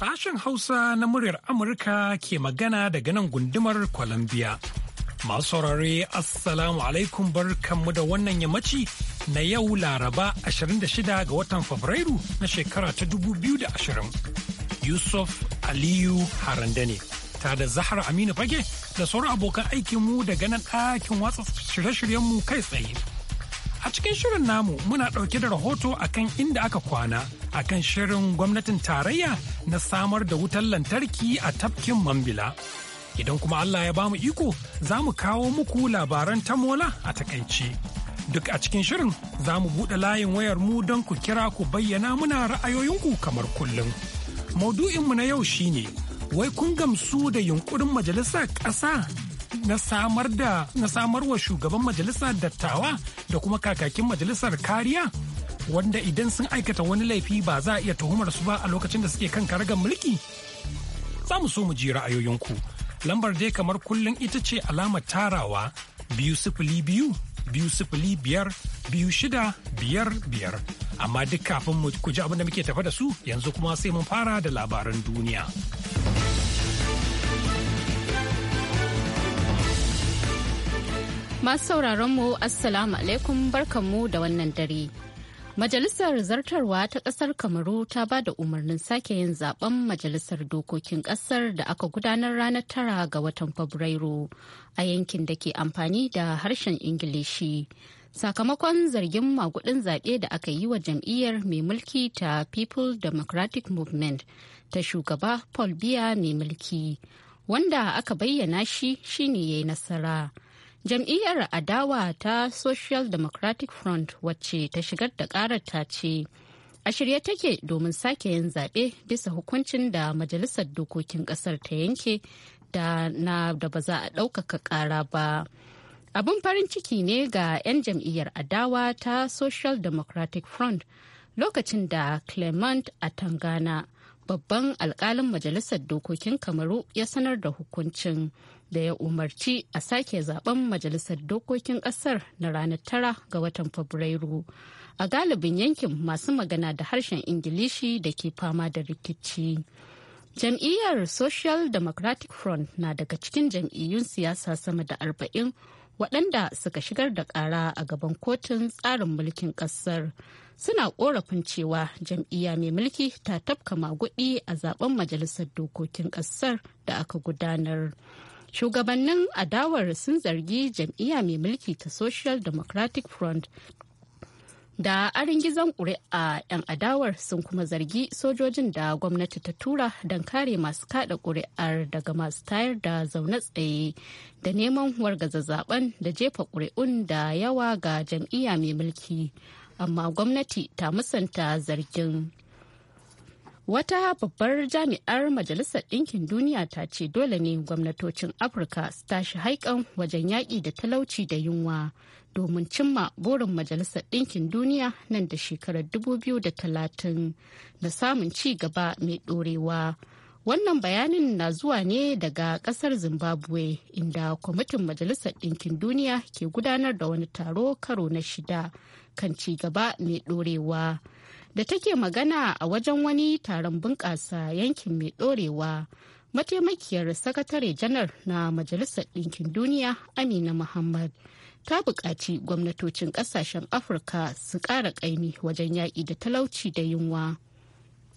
Sashen Hausa na muryar Amurka ke magana daga nan gundumar Columbia. Masu saurare Assalamu alaikum mu da wannan yammaci na yau Laraba 26 ga watan Fabrairu na shekara ta 2020. Yusuf Aliyu Haranda ne, da Zahar Aminu Fage da sauran abokan aikinmu daga nan ɗakin watsa shirye-shiryenmu kai tsaye. A cikin shirin namu muna ɗauke da rahoto akan inda aka kwana akan shirin gwamnatin tarayya na samar da wutar lantarki a tafkin Mambila. Idan kuma Allah ya bamu iko za mu kawo muku labaran tamola a takaici. Duk a cikin shirin za mu buɗe layin wayar mu don ku kira ku bayyana muna ra'ayoyinku kamar kullum. Maudu'inmu na yau shine wai kun gamsu da yunkurin majalisar ƙasa na samar wa shugaban majalisar dattawa da kuma kakakin majalisar kariya wanda idan sun aikata wani laifi ba za a iya tuhumar su ba a lokacin da suke kan karagar mulki za mu so mu ji ra'ayoyinku lambar dai kamar kullum ita ce alamar tarawa biyu sifili biyu biyu sifili biyar biyu shida biyar biyar amma duk kafin mu ku ji abin da muke tafa da su yanzu kuma sai mun fara da labaran duniya. Masu sauraron mu Assalamu alaikum barkanmu da wannan dare. Majalisar Zartarwa ta ƙasar Kamaru ta ba da umarnin sake yin zaben Majalisar Dokokin ƙasar da aka gudanar ranar tara ga watan Fabrairu a yankin da ke amfani da harshen Ingilishi. Sakamakon zargin magudin zaɓe da aka yi wa jam'iyyar mai mulki ta People Democratic Movement ta shugaba Paul Biya mai mulki, wanda aka bayyana shi shine ya yi nasara. jam'iyyar adawa ta social democratic front wacce ta shigar da karar ta ce a shirye take domin sake yin zaɓe bisa hukuncin da majalisar dokokin ƙasar ta yanke da na da ba za a ɗaukaka ƙara ba abin farin ciki ne ga 'yan jam'iyyar adawa ta social democratic front lokacin da clement tangana babban alkalin majalisar dokokin kamaru ya sanar da hukuncin da ya umarci a sake zaben majalisar dokokin kasar na ranar tara ga watan fabrairu a galibin yankin masu magana da harshen ingilishi da ke fama da rikici jam'iyyar social democratic front na daga cikin jam'iyyun siyasa sama da arba'in waɗanda suka shigar da ƙara a gaban kotun tsarin mulkin ƙasar suna korafin cewa jam'iyya mai mulki ta tafka maguɗi a zaben majalisar dokokin ƙasar da aka gudanar. Shugabannin adawar sun zargi jam'iyya mai mulki ta Social Democratic Front da arin gizon ƙuri'a 'yan adawar sun kuma zargi sojojin da gwamnati ta tura don kare masu kada ƙuri'ar daga masu tayar da zaune tsaye da neman wargaza zaben da jefa ƙuri'un da yawa ga jam'iyya mai mulki amma gwamnati ta musanta zargin. Wata babbar jami'ar Majalisar Ɗinkin Duniya ta ce dole ne gwamnatocin Afirka su tashi haikan wajen yaƙi da talauci da yunwa domin cimma burin Majalisar Ɗinkin Duniya nan da shekarar 2030 da samun ci gaba mai ɗorewa. Wannan bayanin na zuwa ne daga ƙasar Zimbabwe inda kwamitin Majalisar Ɗinkin Duniya ke gudanar da wani taro karo na shida kan ci gaba mai ɗorewa. da take magana a wajen wani taron bunƙasa yankin mai ɗorewa mataimakiyar sakatare janar na majalisar ɗinkin duniya amina muhammad ta buƙaci gwamnatocin ƙasashen afirka su ƙara ƙaimi wajen yaƙi da talauci da yunwa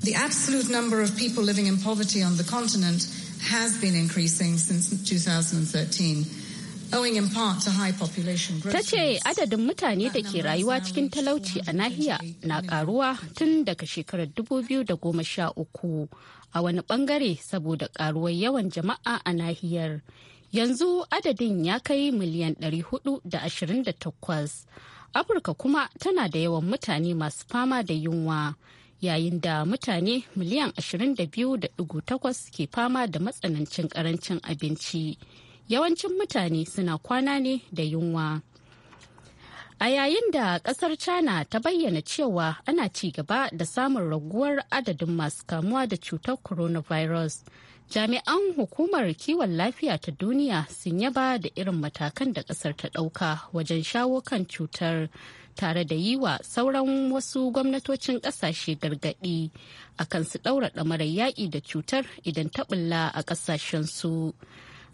The absolute number of people living in poverty on the continent has been increasing since 2013. Ta ce adadin mutane da ke rayuwa cikin talauci a nahiya na karuwa tun daga shekarar 2013 a wani bangare saboda karuwar yawan jama'a a nahiyar. Yanzu adadin ya kai miliyan 428. Afirka kuma tana da yawan mutane masu fama da yunwa. yayin da mutane miliyan 22.8 ke fama da matsanancin karancin abinci. yawancin mutane suna kwana ne da yunwa. A yayin da kasar China ta bayyana cewa ana ci gaba da samun raguwar adadin masu kamuwa da cutar coronavirus, jami'an hukumar kiwon lafiya ta duniya sun yaba da irin matakan da kasar ta ɗauka wajen shawo kan cutar tare da yi wa sauran wasu gwamnatocin ƙasashe gargaɗi akan su ɗaura ɗamarar yaƙi da cutar idan ta ɓulla a ƙasashensu. su.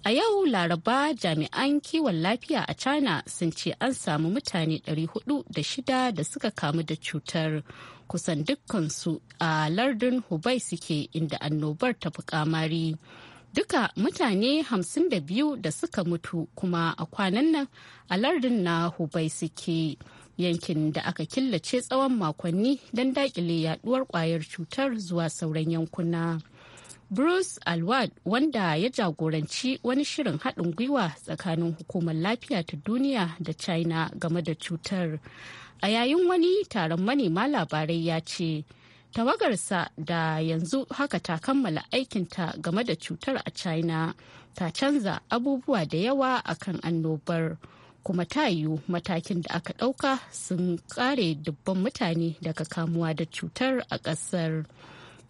A yau Laraba jami'an kiwon lafiya a China sun ce an samu mutane 406 da suka kamu da cutar kusan dukkansu a lardin Hubei suke inda annobar ta fi kamari. Duka mutane 52 da suka mutu kuma a kwanan nan a lardin na Hubei suke yankin da aka killace tsawon makonni don dakile yaduwar kwayar cutar zuwa sauran yankuna. Bruce Alward wanda ya jagoranci wani shirin haɗin gwiwa tsakanin hukumar lafiya ta duniya da China game da cutar. A yayin wani taron manema labarai ya ce, tawagarsa da yanzu haka ta kammala aikinta game da cutar a China ta canza abubuwa da yawa a kan annobar. kuma ta yiwu matakin da aka ɗauka sun kare dubban mutane daga kamuwa da cutar a ƙasar.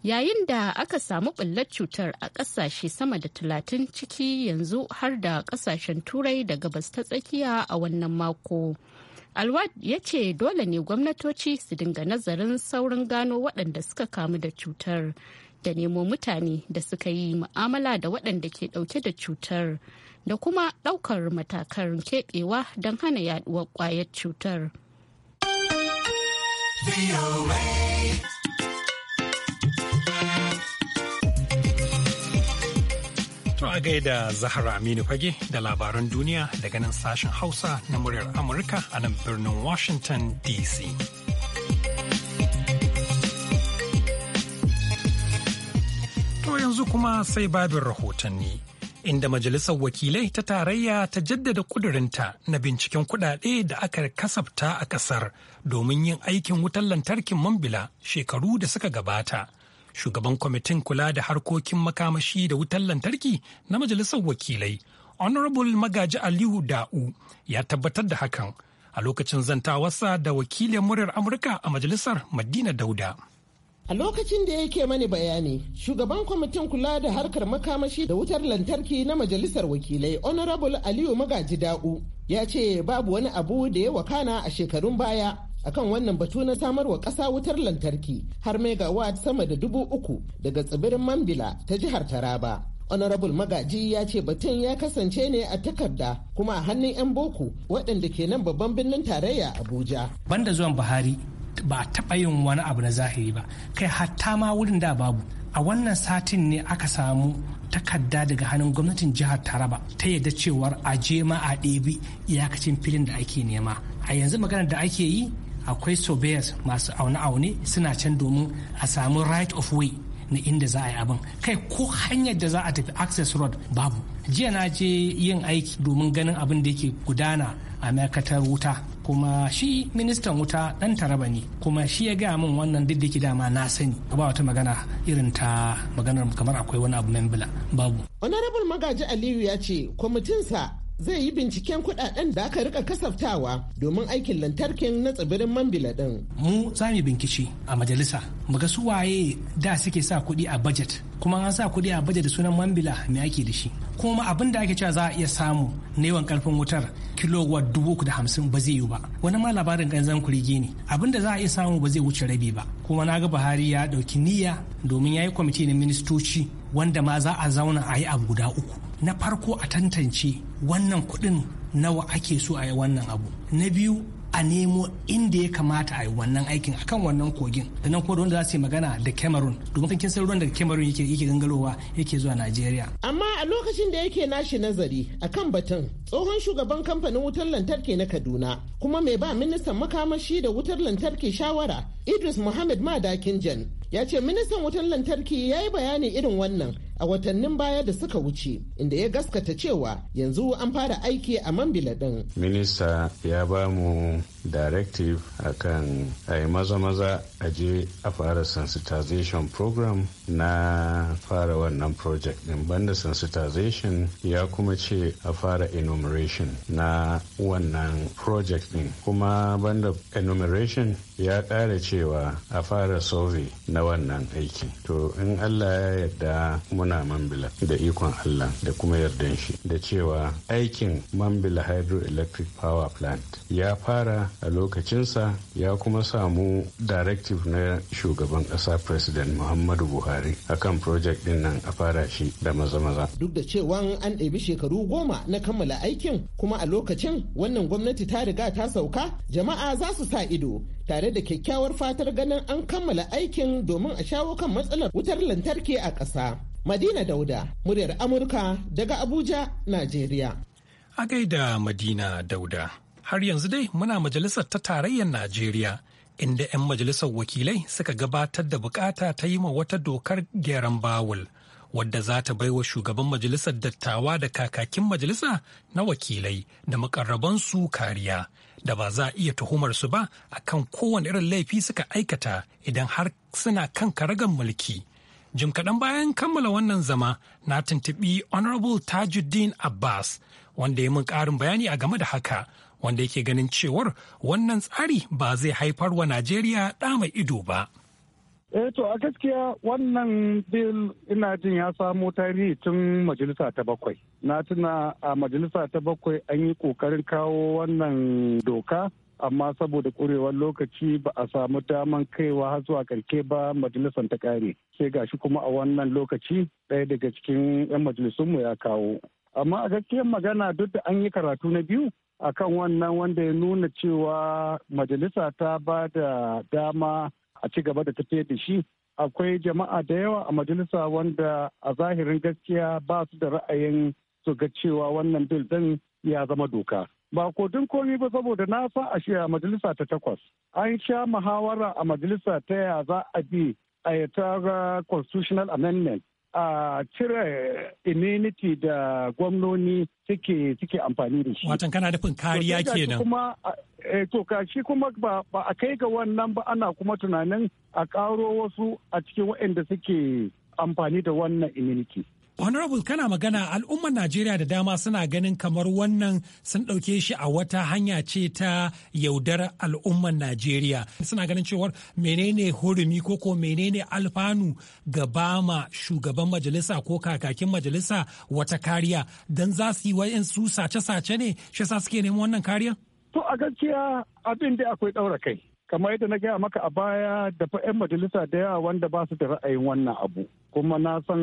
yayin da aka samu ɓullar cutar a ƙasashe sama da talatin ciki yanzu har da ƙasashen turai da gabas ta tsakiya a wannan mako alwad ya ce dole ne gwamnatoci su dinga nazarin saurin gano waɗanda suka kamu da cutar da nemo mutane da suka yi mu'amala da waɗanda ke ɗauke da cutar da kuma ɗaukar matakan keɓewa don hana yaɗuwar ƙwayar cutar. a gaida Zahra Aminu Fage da labaran duniya daga nan sashen Hausa na muryar Amurka a nan birnin Washington DC. To yanzu kuma sai babin rahotanni. Inda Majalisar Wakilai ta Tarayya ta jaddada kudurinta na binciken kudade da aka kasafta a kasar domin yin aikin wutar lantarkin Mambila shekaru da suka gabata. shugaban kwamitin kula da harkokin makamashi da wutar lantarki na majalisar wakilai honorable magaji aliyu da'u ya tabbatar da hakan a lokacin zantawarsa da wakilin muryar amurka a majalisar madina dauda A lokacin da yake mani bayani, shugaban kwamitin kula da harkar makamashi da wutar lantarki na majalisar wakilai Honorable Aliyu Magaji Da'u ya ce babu wani abu da ya wakana a shekarun baya akan wannan batu na samarwa ƙasa wutar lantarki har megawatt sama da dubu uku daga tsibirin mambila ta jihar taraba honorable magaji ya ce batun ya kasance ne a takarda kuma a hannun 'yan boko waɗanda ke nan babban birnin tarayya abuja banda zuwan buhari ba a taɓa yin wani abu na zahiri ba kai hatta ma wurin da babu a wannan satin ne aka samu takarda daga hannun gwamnatin jihar taraba ta yadda cewar a je ma a ɗebi iyakacin filin da ake nema a yanzu maganar da ake yi akwai surveyors masu aune-aune suna can domin a samu right of way na inda za a yi abin kai ko hanyar da za a tafi access road babu jiya na je yin aiki domin ganin abin da yake gudana a ma'aikatar wuta kuma shi ministan wuta dan taraba ne kuma shi ya gaya min wannan duk da ke dama na sani ba wata magana irin ta maganar kamar akwai wani abu membila babu honorable magaji aliyu ya ce kwamitinsa zai yi binciken kuɗaɗen da aka rika kasaftawa domin aikin lantarkin na tsibirin mambila ɗin. Mu za mu binkici a majalisa mu ga su waye da suke sa kuɗi a budget kuma an sa kuɗi a budget da sunan mambila mai ake da shi kuma abin da ake cewa za a iya samu na yawan karfin wutar kilowatt dubu da hamsin ba zai yiwu ba wani ma labarin ganzan kurigi ne abin da za a iya samu ba zai wuce rabi ba kuma na ga Buhari ya ɗauki niyya domin ya yi kwamiti na ministoci wanda ma za a zauna a yi abu guda uku na farko a tantance wannan kuɗin nawa ake so a yi wannan abu na biyu a nemo inda ya kamata a yi wannan aikin a kan wannan kogin da nan kodon da za su yi magana da cameroon domin kin san ruwan da cameroon yake yake gangarowa yake zuwa nigeria amma a lokacin da yake nashi nazari a kan batun tsohon shugaban kamfanin wutar lantarki na kaduna kuma mai ba ministan makamashi da wutar lantarki shawara idris muhammad madakin jan ya ce ministan wutar lantarki ya yi bayani irin wannan a watannin baya da suka wuce inda ya gaskata cewa yanzu an fara aiki a mambila din. Minista ya ba mu directive akan a yi maza-maza a je a fara sensitization program na fara wannan project din banda sensitization ya kuma ce a fara enumeration na wannan project din kuma banda enumeration ya ƙara cewa a fara sove na wannan aiki to in allah ya yarda muna mambila da ikon allah da kuma yardan shi da cewa aikin mambila hydroelectric power plant ya fara a lokacinsa ya kuma samu directive na shugaban ƙasa president muhammadu buhari akan project din nan a fara shi da maza-maza duk da cewa an ɗabi shekaru goma na kammala aikin kuma a lokacin wannan gwamnati ta riga ta sauka jama'a za su sa ido tare da kyakkyawar fatar ganin an kammala aikin domin a shawo kan matsalar wutar lantarki a ƙasa. Madina Dauda, muryar Amurka daga Abuja, Najeriya. A gaida Madina Dauda, har yanzu dai muna majalisar ta tarayyar Najeriya. Inda 'yan majalisar wakilai suka gabatar da bukata ta yi ma wata dokar gyaran bawul. wadda za ta baiwa shugaban majalisar dattawa da kakakin majalisa na wakilai da makarrabansu kariya da ba za a iya tuhumar su ba a kan kowane irin laifi suka aikata idan har suna kan karagan mulki. Jim kaɗan bayan kammala wannan zama na tuntuɓi Honorable Tajuddin Abbas wanda ya mun ƙarin bayani a game da haka wanda yake ganin cewar wannan tsari ba zai haifar wa Najeriya ɗa mai ido ba. eh to a gaskiya wannan bil ina jin ya samo tarihi tun majalisa ta bakwai na tuna a majalisa ta bakwai an yi kokarin kawo wannan doka amma saboda kurewar lokaci ba a samu daman kaiwa har zuwa karke ba majalisar ta kare sai gashi kuma a wannan lokaci ɗaya daga cikin 'yan majalisunmu ya kawo amma a gaskiyar magana duk da an yi karatu na biyu akan wannan wanda ya nuna cewa majalisa ta ba da dama a ci gaba da tafiyar da shi akwai jama'a da yawa a majalisa wanda a zahirin gaskiya ba su da ra'ayin su ga cewa wannan bil din ya zama doka ba ko kodin komi ba saboda na sa a shi a majalisa ta takwas an sha muhawara a majalisa ta ya za a bi a constitutional amendment a cire immunity da gwamnoni suke suke amfani da shi. Watan kana nufin kariya kenan. Kuma eh, to ka shi kuma ba a kai ga wannan ba ana kuma tunanin a karo wasu a cikin waɗanda suke amfani da wannan immunity. honorable kana magana al'ummar najeriya da dama suna ganin kamar wannan sun ɗauke shi a wata hanya ce ta yaudar al'ummar najeriya suna ganin cewar menene hurumi ko ko menene alfanu ga bama shugaban majalisa ko kakakin majalisa wata kariya don za su yi wa'in su sace-sace ne shi sa suke neman wannan kariya to a gaskiya abin da akwai ɗaura kai kamar yadda na gaya maka a baya da 'yan majalisa da yawa wanda ba su da ra'ayin wannan abu kuma na san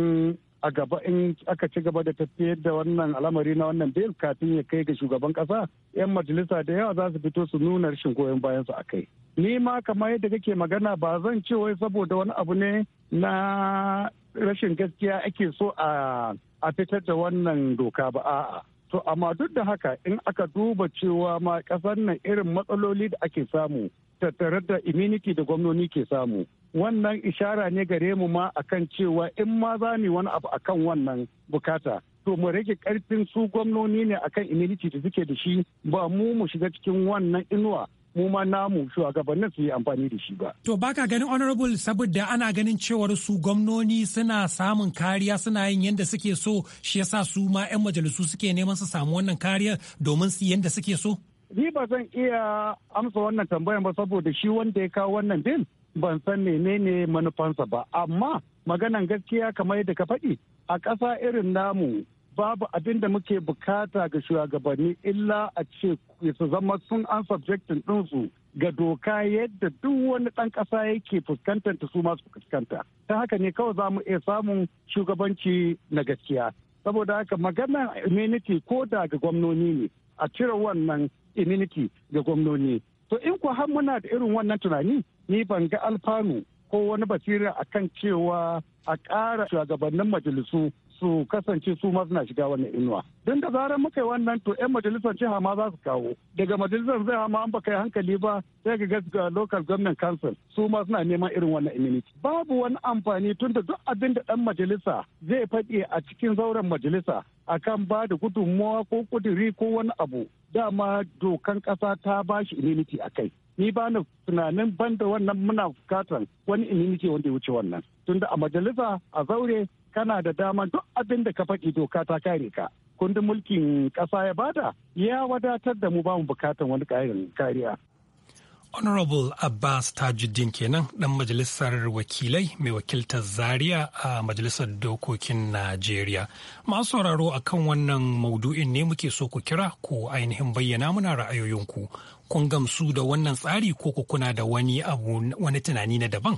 a gaba in aka ci gaba da tafiyar da wannan al'amari na wannan bil kafin ya kai ga shugaban kasa yan majalisa da yawa za su fito su nuna rashin goyon bayan su akai ni ma kamar yadda kake magana ba zan ce wai saboda wani abu ne na rashin gaskiya ake so a a fitar da wannan doka ba a'a to amma duk da haka in aka duba cewa ma kasar nan irin matsaloli da ake samu tattare da immunity da gwamnoni ke samu wannan ishara ne gare mu ma akan cewa in ma za mu wani abu akan wannan bukata to mu rage karfin su gwamnoni ne akan immunity da suke da shi ba mu mu shiga cikin wannan inuwa mu ma namu shugabannin su yi amfani da shi ba. To baka ganin honorable saboda ana ganin cewar su gwamnoni suna samun kariya suna yin yadda suke so shi yasa su ma 'yan majalisu suke neman su samu wannan kariya domin su yadda suke so? Ni ba zan iya amsa wannan tambayan ba saboda shi wanda ya kawo wannan bin. ban san menene manufansa ba amma maganan gaskiya kamar yadda ka faɗi a ƙasa irin namu babu abin da muke bukata ga shugabanni illa a ce su zama sun an subjectin ɗinsu ga doka yadda duk wani ɗan ƙasa yake fuskantar ta su masu fuskanta ta haka ne kawai za mu iya samun shugabanci na gaskiya saboda haka magana immunity ko da ga gwamnoni ne a cire wannan immunity ga gwamnoni to in ko har muna da irin wannan tunani ni ban ga alfanu ko wani basira akan cewa a ƙara shugabannin majalisu su kasance su ma suna shiga wannan inuwa don da zarar muka yi wannan to 'yan majalisar jiha ma za su kawo daga majalisar zai hama an baka yi hankali ba sai ka ga local government council su ma suna neman irin wannan immunity babu wani amfani tun da duk abin da dan majalisa zai faɗi a cikin zauren majalisa akan ba da gudunmawa ko kuduri ko wani abu dama dokan ƙasa ta ba shi immunity a kai ni ba na tunanin banda wannan muna bukatar wani immunity wanda ya wuce wannan tunda a majalisa a zaure kana da dama duk abin da ka faɗi doka ta kare ka kundin mulkin ƙasa ya bada ya wadatar da mu ba mu bukatan wani ƙarin kariya Honorable Abbas Tajuddin kenan ɗan majalisar wakilai mai wakiltar Zaria a majalisar dokokin Najeriya. Masu sauraro a kan wannan maudu'in ne muke so ku kira ko ainihin bayyana muna ra'ayoyinku. Kun gamsu da wannan tsari ko kuna da wani abu wani tunani na daban?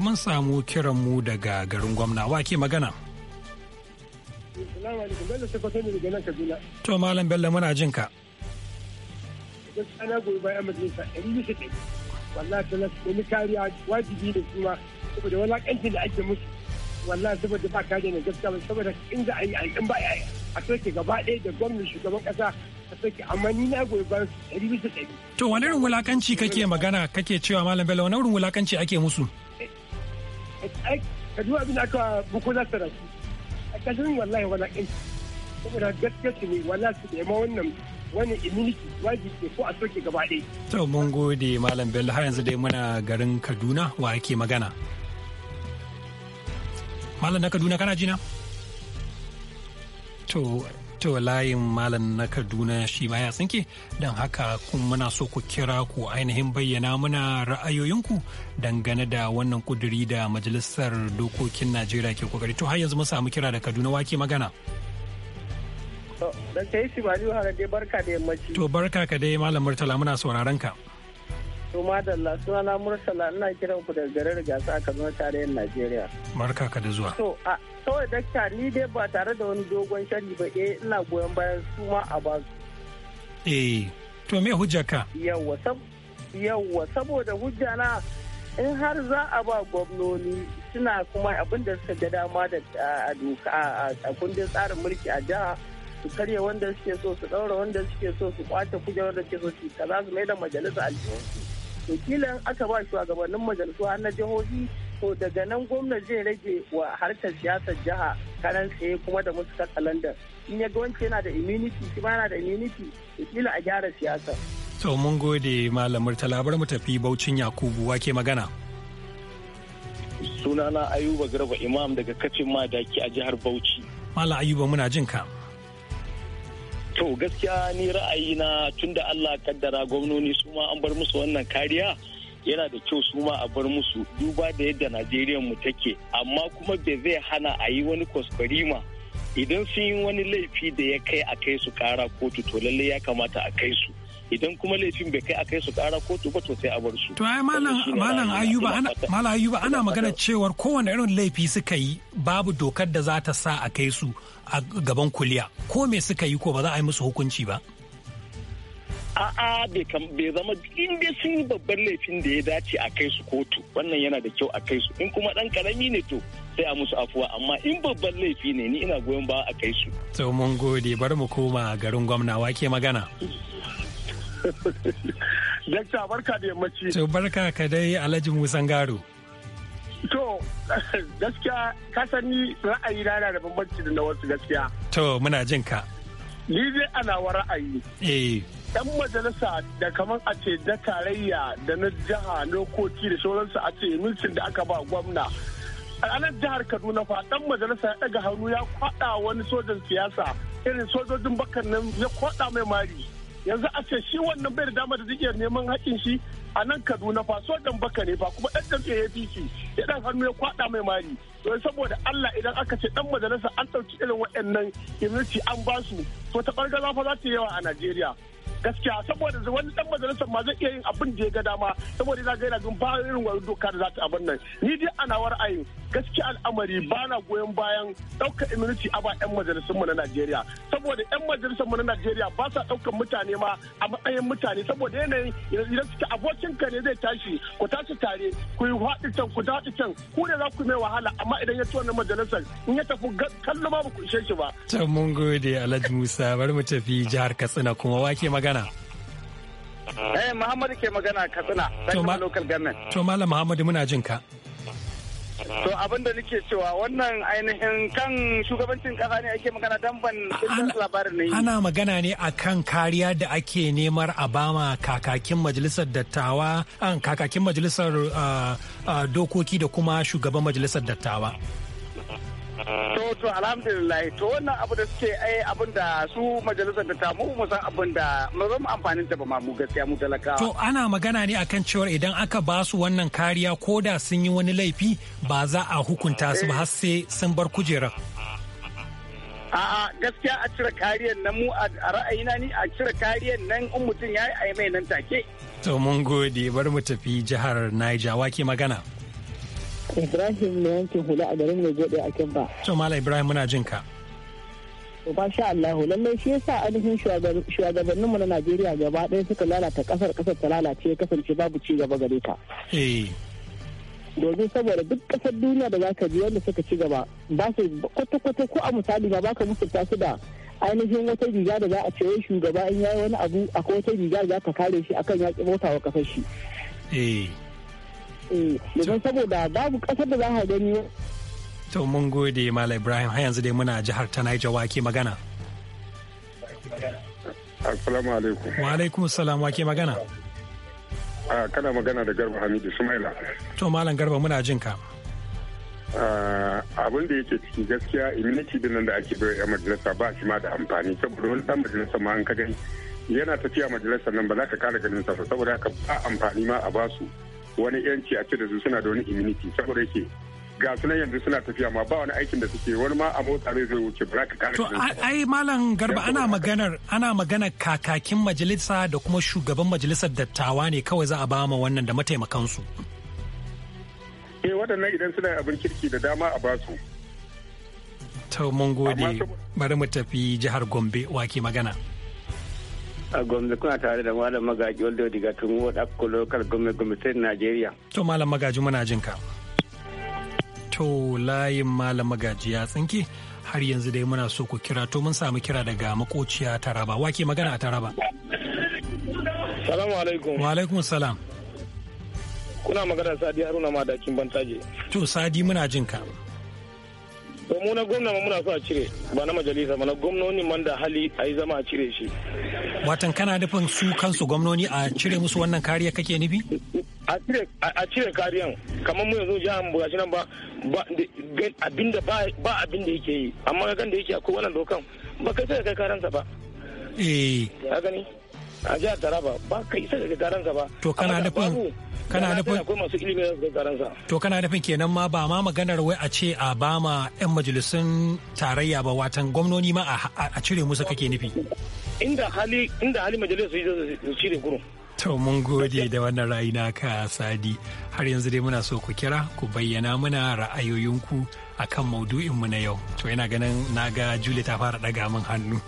mun samu kiran mu daga garin gwamna wake magana. To Malam Bello muna jin ka. Ana Wallahi saboda da ba ne gaskiya ba saboda a a in ba a a soke gaba ɗaya da gwamnan shugaban ƙasa a soke amma ni na goyi ɗari bisa ɗari. To wani irin wulaƙanci kake magana kake cewa Malam Bello wani irin wulaƙanci ake musu? ka duba abin da aka buku za su rasu a ƙasar wallahi wala ƙin saboda gaskiya su ne wala su nema wannan wani immunity wajibi ne ko a soke gaba ɗaya. to mun gode malam bello har yanzu dai muna garin kaduna wa ake magana. malam na kaduna kana jina? to to layin malam na kaduna shi ma ya tsinke don haka kun muna so ku kira ku ainihin bayyana muna ra'ayoyinku dangane da wannan kuduri da majalisar dokokin najeriya ke kokari to har yanzu mun samu kira da kaduna wake magana to barka ka dai malam murtala muna sauraron ka To madalla suna na Murtala ina kiran ku daga garin gasa a kano tarayyar Najeriya. Barka ka da zuwa. To a kawai dakta ni dai ba tare da wani dogon shari ba eh ina goyon bayan su ma a ba su. Eh to me hujja ka? Yawwa sab yawwa saboda hujja na in har za a ba gwamnoni suna kuma abin da suka ga dama da a doka a kundin tsarin mulki a jiha su karya wanda suke so su ɗaura wanda suke so su kwace kujerar da suke so su kaza su mai da majalisa aljihunsu to aka ba shi gabanin majalisu har na jihohi to daga nan gwamnati zai rage wa harkar siyasar jiha karan tsaye kuma da musu kalanda in ya gwamnati yana da immunity shi ma da immunity to a gyara siyasa. to mun gode malam talabar mu tafi baucin yakubu wake magana. sunana ayuba garba imam daga kacin madaki a jihar bauchi. malam ayuba muna jin ka. To gaskiya ni ra'ayina tun da Allah kaddara gwamnoni su ma an bar musu wannan kariya yana da kyau su ma a bar musu duba da yadda Najeriya mu take amma kuma bai zai hana a yi wani kwaskwari ma idan sun yi wani laifi da ya kai a kai su kara kotu to lallai ya kamata a kai su. idan kuma laifin bai kai a kai su kara kotu ba to sai a bar su to ai malam ayuba ana malam ayuba ana magana cewar kowane irin laifi suka yi babu dokar da za ta sa a kai su a gaban kuliya ko me suka yi ko ba za a yi musu hukunci ba a'a bai zama in dai sun yi babban laifin da ya dace a kai su kotu wannan yana da kyau a kai su in kuma dan karami ne to sai a musu afuwa amma in babban laifi ne ni ina goyon ba a kai su to mun gode bari mu koma garin gwamna wake magana Dakta barka da yammaci. To barka ka dai Alhaji Musa Garo. To gaskiya ka sani ra'ayi na da bambanci da na wasu gaskiya. To muna jin ka. Ni dai ana wa ra'ayi. Eh. Ɗan majalisa da kamar a ce na tarayya da na jiha lokoki da sauransu a ce mulkin da aka ba gwamna ranar jihar Kaduna fa dan majalisa ya daga hannu ya kwada wani sojan siyasa irin sojojin bakan nan ya kwada mai mari yanzu a ce shi wannan bai da dama da zikiyar neman haƙin shi a nan kaduna fa so dan baka ne ba kuma dan ya apc ya dan hannu ya kwada mai mari to saboda allah idan aka ce dan majalisa an ɗauki irin waɗannan ci an basu su to ta bargaza fa za ta yawa a najeriya gaskiya saboda wani dan majalisar ma zai iya yin abin da ya ga dama saboda za ga yana dun ba irin wani doka da za ta abin nan ni dai ana war ayin gaskiya al'amari ba na goyon bayan ɗaukar immunity a ba 'yan majalisar mu na Najeriya saboda 'yan majalisar mu na Najeriya ba sa ɗaukar mutane ma a matsayin mutane saboda yanayin idan suka abokin ka ne zai tashi ku tashi tare ku yi haɗi can ku daɗi can ku ne za ku mai wahala amma idan ya ci wannan majalisar in ya tafi kallo ma ba ku ishe shi ba. Can mun gode Alhaji Musa bari mu tafi jihar Katsina kuma wake magana? Eh Muhammadu ke magana Katsina, Sakima Local Government. To Malam Muhammadu muna jin ka. To abin da nake cewa wannan ainihin kan shugabancin kasa ne ake magana don ban labarin ne. Ana magana ne a kan kariya da ake nemar a Obama kakakin majalisar dattawa, an kakakin majalisar dokoki da kuma shugaban majalisar dattawa. To to alhamdulillah to wannan abu da suke ai abin da su majalisar da tamu mu san abin da mu zama amfanin ta ba mu gaskiya mu talakawa. To ana magana ne akan cewa idan aka ba su wannan kariya ko da sun yi wani laifi ba za a hukunta su ba har sai sun bar kujerar. A'a gaskiya a cire kariyar nan mu a ra'ayina ni a cire kariyar nan in mutum ya yi mai nan take. To mun gode bar mu tafi jihar Niger wake magana. Ibrahim na yankin hula a garin mai bode a Kimba. To mala Ibrahim muna jin ka. ba sha Allah lallai shi yasa ainihin shugabannin mu na Najeriya gaba ɗaya suka lalata ƙasar ƙasar ta lalace kasance babu ci gaba gare ta. Eh. Domin saboda duk ƙasar duniya da za ka ji wanda suka ci gaba ba su kwata-kwata ko a misali ba baka musulta su da ainihin wata riga da za a ce shugaba in yayi wani abu akwai wata riga da za ta kare shi akan yaƙi motawa wa ƙasar shi. Eh. eh saboda babu kasar da za a gani to mun gode malam ibrahim har yanzu dai muna jihar ta niger wake magana assalamu alaikum wa alaikum assalam wake magana a ah, kana magana da garba hamidu sumaila to malam garba muna jin ka ah, abin da yake ciki gaskiya immunity din nan da ake bai a majalisa ba shi ma da amfani saboda wani dan majalisa ma an ka gani yana tafiya majalisa nan ba za ka kara ganin sa saboda ka ba amfani ma a basu wani yanci a ce da su suna da wani immunity saboda yake ga su nan yanzu suna tafiya ma ba wani aikin da suke wani ma a mota ne zai wuce ba ka kare to ai malam garba ana maganar ana maganar kakakin majalisa da kuma shugaban majalisar dattawa ne kawai za a ba ma wannan da mataimakan su eh waɗannan idan suna abin kirki da dama a basu to mun gode bari mu tafi jihar Gombe wake magana a gwamnati kuna tare da malam magaji wanda ya diga tun wadda gombe gwamnati sai najeriya to malam magaji muna jin ka to layin malam magaji ya tsinke har yanzu dai muna so ku kira to mun samu kira daga makociya taraba wake magana a taraba salamu alaikum wa alaikum salam kuna magana sadi haruna madakin bantaje to sadi muna jin ka to mu na gwamna muna so a cire ba na majalisa ba na gwamnoni man da hali a yi zama a cire shi watan kana nufin su kansu gwamnoni a cire musu wannan kariya kake nufi a cire kariyan kamar mu yanzu jihar mu gashi nan ba abinda ba abinda yake yi amma ga ganda yake akwai wannan dokan ba kai sai kai karansa ba eh ya gani a jihar taraba ba ka isa daga garansa ba to kana nufin kana nufin akwai masu ilimi daga garansa to kana nufin kenan ma ba ma maganar wai a ce a ba ma yan majalisun tarayya ba watan gwamnoni ma a cire musu kake nufi inda hali inda hali yi su cire gurin To mun gode da wannan ra'ayi na ka Sadi. Har yanzu dai muna so ku kira ku bayyana muna ra'ayoyinku akan maudu'inmu na yau. To yana ganin na ga Julie ta fara daga min hannu.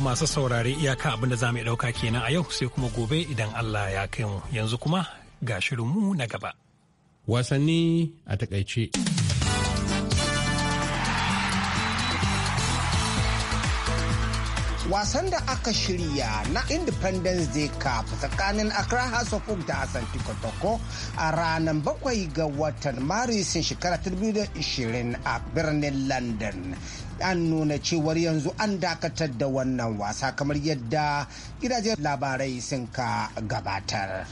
masu saurare iyaka abin da za mu ɗauka kenan a yau sai kuma gobe idan Allah ya kai mu yanzu kuma ga mu na gaba. Wasanni a takaice. wasan da aka shirya na independence day cup tsakanin accra house of da Asanti kotoko a ranar bakwai ga watan Maris shekarar 2020 a birnin london an nuna cewar yanzu an dakatar da wannan wasa kamar yadda gidajen labarai sun ka gabatar.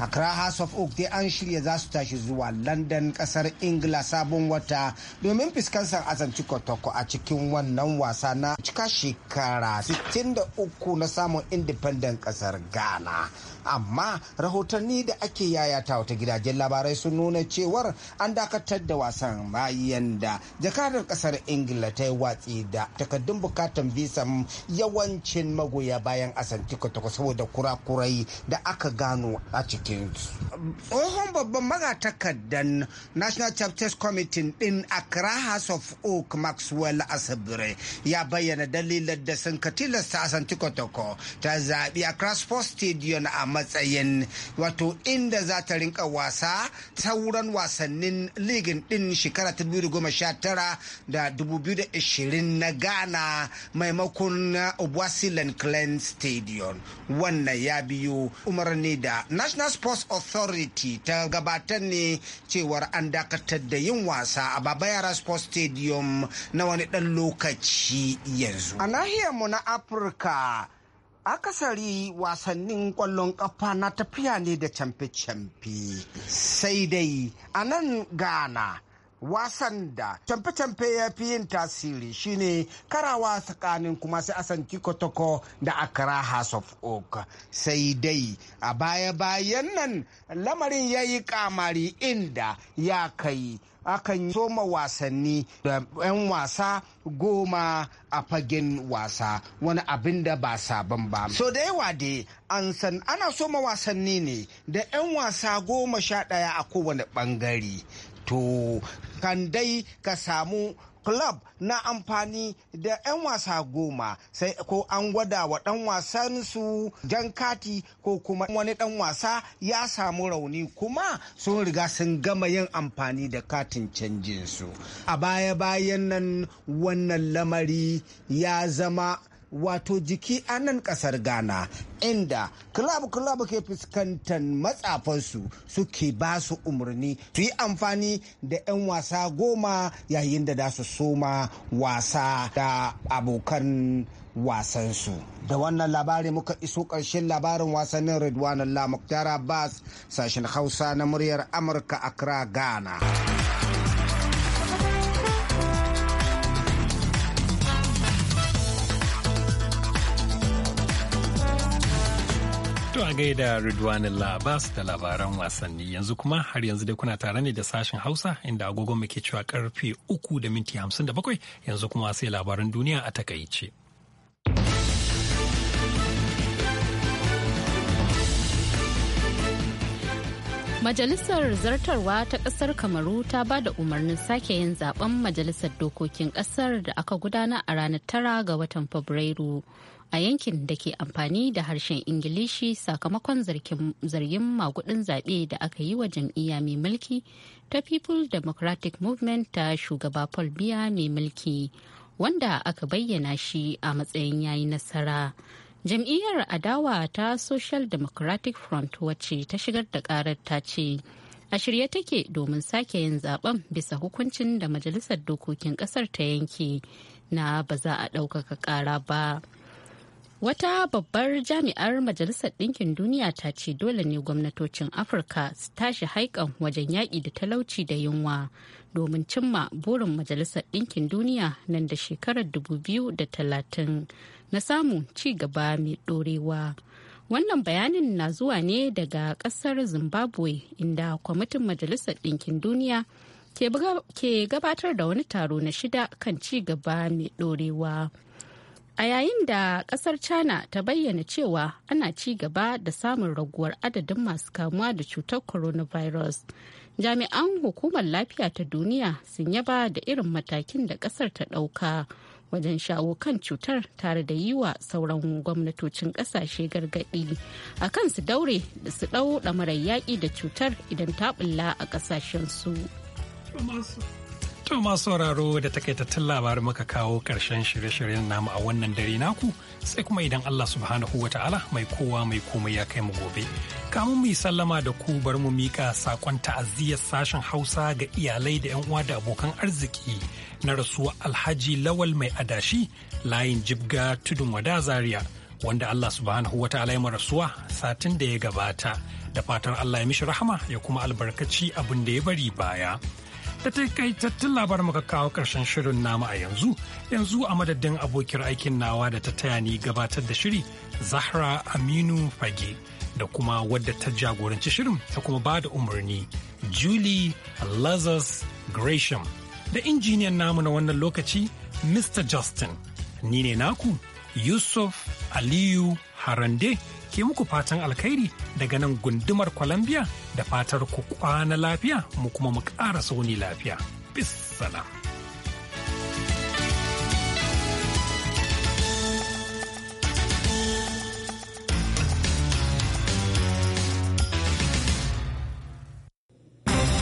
Accra House of Oak dai an shirya za su tashi zuwa London kasar Ingila sabon wata domin fuskantar azanci kotoko a cikin wannan wasa na cika shekara 63 na samun independent kasar Ghana. Amma rahotanni da ake yayata wata gidajen labarai sun nuna cewar an dakatar da wasan bayan da jakadar kasar Ingila ta yi watsi da takardun bukatan visa yawancin magoya bayan asanti kotoko saboda kurakurai da aka gano a cikin tsohon babban magatakardan national chapters committee din accra house of oak maxwell asabire ya bayyana dalilan da sun ka tilasta San Tikotoko ta zaɓi accra sports stadium a matsayin wato inda za ta rinka wasa sauran wasannin ligin din shekara 2019 da 2020 na ghana maimakon obwasilan clan stadium wannan ya biyo umarni da national Ghana Sports Authority ta gabatar ne cewar an dakatar da yin wasa a babayara Yara Sports Stadium na wani dan lokaci yanzu. A nahiyarmu na Afirka akasari wasannin kwallon kafa na tafiya ne da camfe-camfe sai dai a nan ghana wasan da canfe-canfe ya fi yin tasiri shine karawa tsakanin kuma sai asan kikotoko da akara house of oak sai dai a baya-bayan nan lamarin ya yi kamari inda ya kai akan soma wasanni da 'yan wasa goma a fagen wasa wani abin da ba sabon ba. So da yawa da an san ana soma wasanni ne da 'yan wasa goma sha ɗaya a kowane ɓangare. to kan dai ka samu club na amfani da 'yan wasa goma sai ko an gwada wa dan wasan su jan kati ko kuma wani dan wasa ya samu rauni kuma sun riga sun gama yin amfani da katin canjin su a baya bayan nan wannan lamari ya zama wato jiki a nan kasar ghana inda club club ke fuskantar matsafansu suke ba su umarni su yi amfani da 'yan wasa goma yayin da za su soma wasa da abokan wasansu da wannan labari muka iso ƙarshen labarin wasannin Redwanan Allah Muktar Bas sashen Hausa na muryar Amurka Accra Ghana. gaida Ridwanin Labas da labaran wasanni yanzu kuma har yanzu dai kuna tare ne da sashen Hausa inda agogon muke cewa karfe uku da minti hamsin da bakwai yanzu kuma sai labaran duniya a takaice. Majalisar Zartarwa ta ƙasar Kamaru ta ba da umarnin sake yin zaben Majalisar Dokokin ƙasar da aka gudana a ranar tara ga watan Fabrairu. a yankin da ke amfani da harshen ingilishi sakamakon zargin magudin zaɓe da aka yi wa jam'iyya mai mulki ta people democratic movement ta shugaba paul biya mai mulki wanda aka bayyana shi a matsayin yayi nasara jam'iyyar adawa ta social democratic front wacce ta shigar da karar ta ce a shirye take domin sake yin zaben bisa hukuncin da majalisar dokokin kasar ta yanke na ba za a ɗaukaka ƙara ba. Wata babbar jami'ar Majalisar Ɗinkin Duniya ta ce dole ne gwamnatocin Afirka su tashi haikan wajen yaƙi da talauci da yunwa domin cimma burin Majalisar Ɗinkin Duniya nan da shekarar 2030 na samu ci gaba mai ɗorewa. Wannan bayanin na zuwa ne daga ƙasar Zimbabwe inda kwamitin Majalisar Ɗinkin Duniya ke gabatar da wani taro na shida kan ci gaba mai ɗorewa. A yayin da ƙasar China ta bayyana cewa ana ci gaba da samun raguwar adadin masu kamuwa da cutar coronavirus. Jami'an hukumar lafiya ta duniya sun yaba da irin matakin da ƙasar ta ɗauka wajen shawo kan cutar tare da yi wa sauran gwamnatocin ƙasashe gargaɗi a kan su daure da su ɗau ɗamarar yaƙi da cutar idan ta ɓulla a ƙasashensu. To masu sauraro da takaitattun labarin muka kawo ƙarshen shirye-shiryen namu a wannan dare naku sai kuma idan Allah subhanahu wa ta'ala mai kowa mai komai ya kai mu gobe. Kamun mu yi sallama da ku bar mu mika sakon ta'aziyyar sashen Hausa ga iyalai da 'yan uwa da abokan arziki na rasuwa Alhaji Lawal mai adashi layin jibga tudun wada zaria wanda Allah subhanahu wa ta'ala ya rasuwa satin da ya gabata da fatar Allah ya mishi rahama ya kuma albarkaci abin da ya bari baya. da takaitattun labarin muka kawo ƙarshen shirin namu a yanzu yanzu a madadin abokin aikin nawa da ta taya ni gabatar da shiri zahra aminu fage da kuma wadda ta jagoranci shirin ta kuma ba da umarni julie lazarus gresham da injiniyan namu na wannan lokaci mr justin ni ne naku yusuf aliyu harande ke muku fatan alkhairi daga nan gundumar Columbia da fatar ku kwana lafiya mu kuma mu ƙara sauni lafiya. Bis salam.